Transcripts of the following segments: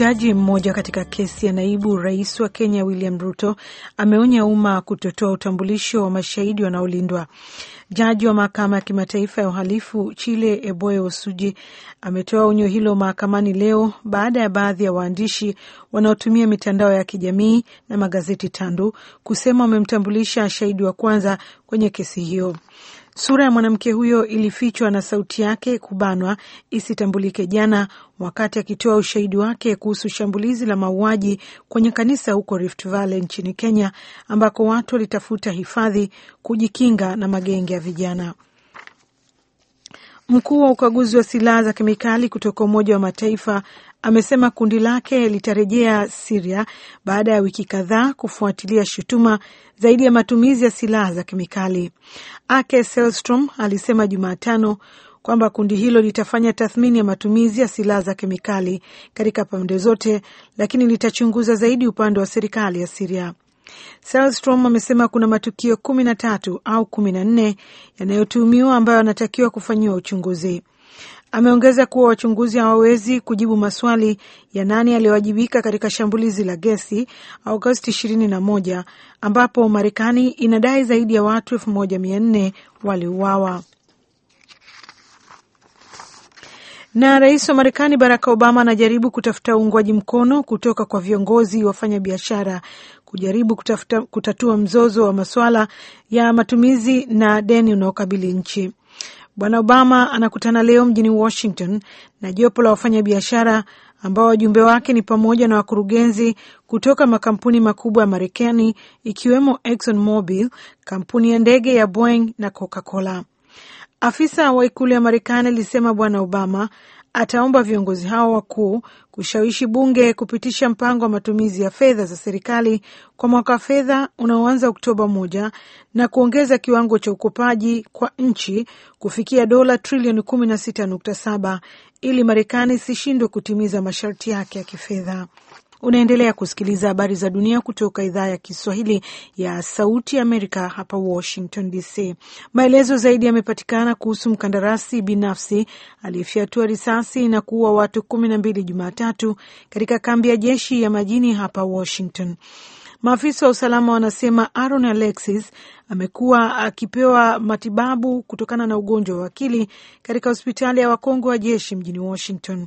Jaji mmoja katika kesi ya naibu rais wa Kenya William Ruto ameonya umma kutotoa utambulisho wa mashahidi wanaolindwa. Jaji wa mahakama ya kimataifa ya uhalifu Chile Eboe Osuji ametoa onyo hilo mahakamani leo baada ya baadhi ya waandishi wanaotumia mitandao ya kijamii na magazeti tandu kusema wamemtambulisha shahidi wa kwanza kwenye kesi hiyo. Sura ya mwanamke huyo ilifichwa na sauti yake kubanwa isitambulike jana wakati akitoa ushahidi wake kuhusu shambulizi la mauaji kwenye kanisa huko Rift Valley nchini Kenya, ambako watu walitafuta hifadhi kujikinga na magenge ya vijana. Mkuu wa ukaguzi wa silaha za kemikali kutoka Umoja wa Mataifa amesema kundi lake litarejea Siria baada ya wiki kadhaa kufuatilia shutuma zaidi ya matumizi ya silaha za kemikali. Ake Selstrom alisema Jumatano kwamba kundi hilo litafanya tathmini ya matumizi ya silaha za kemikali katika pande zote, lakini litachunguza zaidi upande wa serikali ya Siria. Selstrom amesema kuna matukio kumi na tatu au kumi na nne yanayotuhumiwa ambayo yanatakiwa kufanyiwa uchunguzi. Ameongeza kuwa wachunguzi hawawezi kujibu maswali ya nani aliyowajibika katika shambulizi la gesi Agosti 21 ambapo Marekani inadai zaidi ya watu 1400 waliuawa. Na rais wa Marekani Barack Obama anajaribu kutafuta uungwaji mkono kutoka kwa viongozi wafanyabiashara kujaribu kutafuta, kutatua mzozo wa masuala ya matumizi na deni unaokabili nchi. Bwana Obama anakutana leo mjini Washington na jopo la wafanyabiashara ambao wajumbe wake ni pamoja na wakurugenzi kutoka makampuni makubwa ya Marekani ikiwemo Exxon Mobil, kampuni ya ndege ya Boeing na Coca Cola. Afisa wa ikulu ya Marekani alisema Bwana Obama ataomba viongozi hao wakuu kushawishi bunge kupitisha mpango wa matumizi ya fedha za serikali kwa mwaka wa fedha unaoanza Oktoba moja na kuongeza kiwango cha ukopaji kwa nchi kufikia dola trilioni 16.7 ili Marekani isishindwe kutimiza masharti yake ya kifedha. Unaendelea kusikiliza habari za dunia kutoka idhaa ya Kiswahili ya Sauti ya Amerika hapa Washington DC. Maelezo zaidi yamepatikana kuhusu mkandarasi binafsi aliyefyatua risasi na kuua watu kumi na mbili Jumatatu katika kambi ya jeshi ya majini hapa Washington. Maafisa wa usalama wanasema Aaron Alexis amekuwa akipewa matibabu kutokana na ugonjwa wa akili katika hospitali ya wakongwe wa jeshi mjini Washington.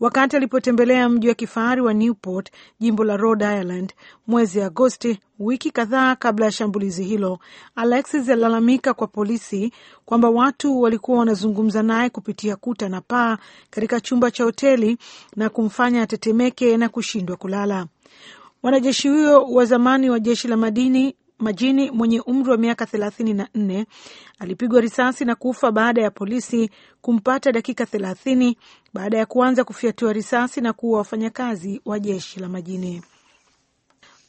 Wakati alipotembelea mji wa kifahari wa Newport, jimbo la Rhode Island, mwezi Agosti, wiki kadhaa kabla ya shambulizi hilo, Alexis alalamika kwa polisi kwamba watu walikuwa wanazungumza naye kupitia kuta na paa katika chumba cha hoteli na kumfanya atetemeke na kushindwa kulala. Wanajeshi huyo wa zamani wa jeshi la madini Majini mwenye umri wa miaka thelathini na nne alipigwa risasi na kufa baada ya polisi kumpata dakika thelathini baada ya kuanza kufyatua risasi na kuua wafanyakazi wa jeshi la majini.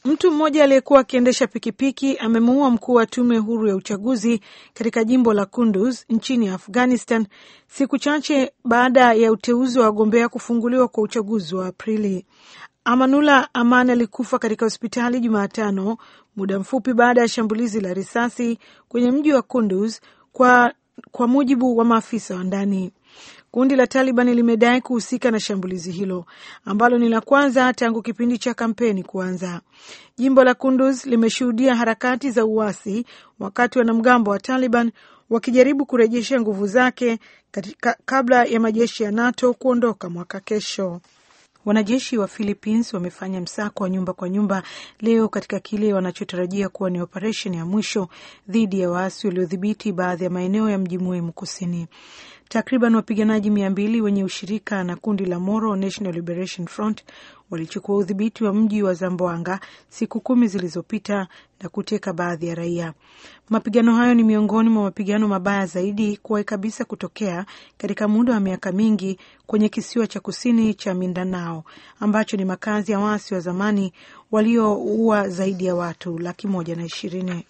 Mtu mmoja aliyekuwa akiendesha pikipiki amemuua mkuu wa tume huru ya uchaguzi katika jimbo la Kunduz nchini Afghanistan siku chache baada ya uteuzi wa wagombea kufunguliwa kwa uchaguzi wa Aprili. Amanula Aman alikufa katika hospitali Jumatano, muda mfupi baada ya shambulizi la risasi kwenye mji wa Kunduz, kwa, kwa mujibu wa maafisa wa ndani. Kundi la Taliban limedai kuhusika na shambulizi hilo ambalo ni la kwanza tangu kipindi cha kampeni kuanza. Jimbo la Kunduz limeshuhudia harakati za uasi, wakati wanamgambo wa Taliban wakijaribu kurejesha nguvu zake katika, kabla ya majeshi ya NATO kuondoka mwaka kesho. Wanajeshi wa Philippines wamefanya msako wa nyumba kwa nyumba leo katika kile wanachotarajia kuwa ni operesheni ya mwisho dhidi ya waasi waliodhibiti baadhi ya maeneo ya mji muhimu kusini. Takriban wapiganaji mia mbili wenye ushirika na kundi la Moro National Liberation Front walichukua udhibiti wa mji wa Zamboanga siku kumi zilizopita na kuteka baadhi ya raia. Mapigano hayo ni miongoni mwa mapigano mabaya zaidi kuwahi kabisa kutokea katika muda wa miaka mingi kwenye kisiwa cha kusini cha Mindanao ambacho ni makazi ya waasi wa zamani walioua zaidi ya watu laki moja na ishirini.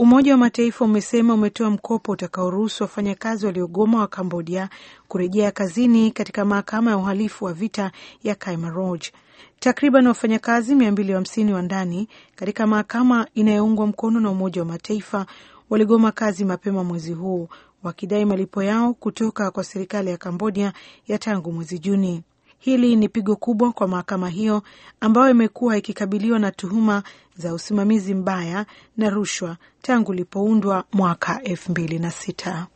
Umoja wa Mataifa umesema umetoa mkopo utakaoruhusu wafanyakazi waliogoma wa Kambodia kurejea kazini katika mahakama ya uhalifu wa vita ya Khmer Rouge. Takriban wafanyakazi 250 wa ndani katika mahakama inayoungwa mkono na Umoja wa Mataifa waligoma kazi mapema mwezi huu wakidai malipo yao kutoka kwa serikali ya Kambodia ya tangu mwezi Juni. Hili ni pigo kubwa kwa mahakama hiyo ambayo imekuwa ikikabiliwa na tuhuma za usimamizi mbaya na rushwa tangu ilipoundwa mwaka elfu mbili na sita.